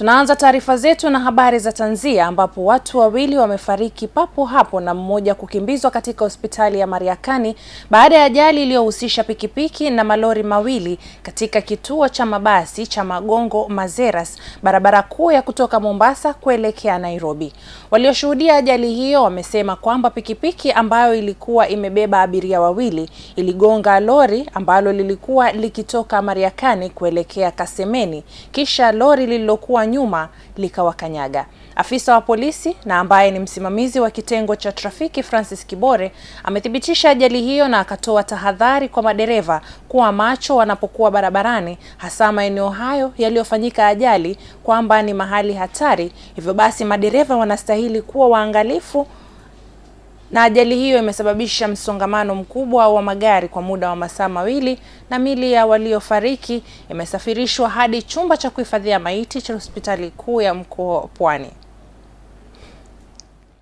Tunaanza taarifa zetu na habari za tanzia ambapo watu wawili wamefariki papo hapo na mmoja kukimbizwa katika hospitali ya Mariakani baada ya ajali iliyohusisha pikipiki na malori mawili katika kituo cha mabasi cha Magongo Mazeras, barabara kuu ya kutoka Mombasa kuelekea Nairobi. Walioshuhudia ajali hiyo wamesema kwamba pikipiki ambayo ilikuwa imebeba abiria wawili iligonga lori ambalo lilikuwa likitoka Mariakani kuelekea Kasemeni, kisha lori lililokuwa nyuma likawakanyaga. Afisa wa polisi na ambaye ni msimamizi wa kitengo cha trafiki Francis Kibore amethibitisha ajali hiyo na akatoa tahadhari kwa madereva kuwa macho wanapokuwa barabarani, hasa maeneo hayo yaliyofanyika ajali, kwamba ni mahali hatari, hivyo basi madereva wanastahili kuwa waangalifu na ajali hiyo imesababisha msongamano mkubwa wa magari kwa muda wa masaa mawili, na mili ya waliofariki imesafirishwa hadi chumba cha kuhifadhia maiti cha hospitali kuu ya mkoa Pwani.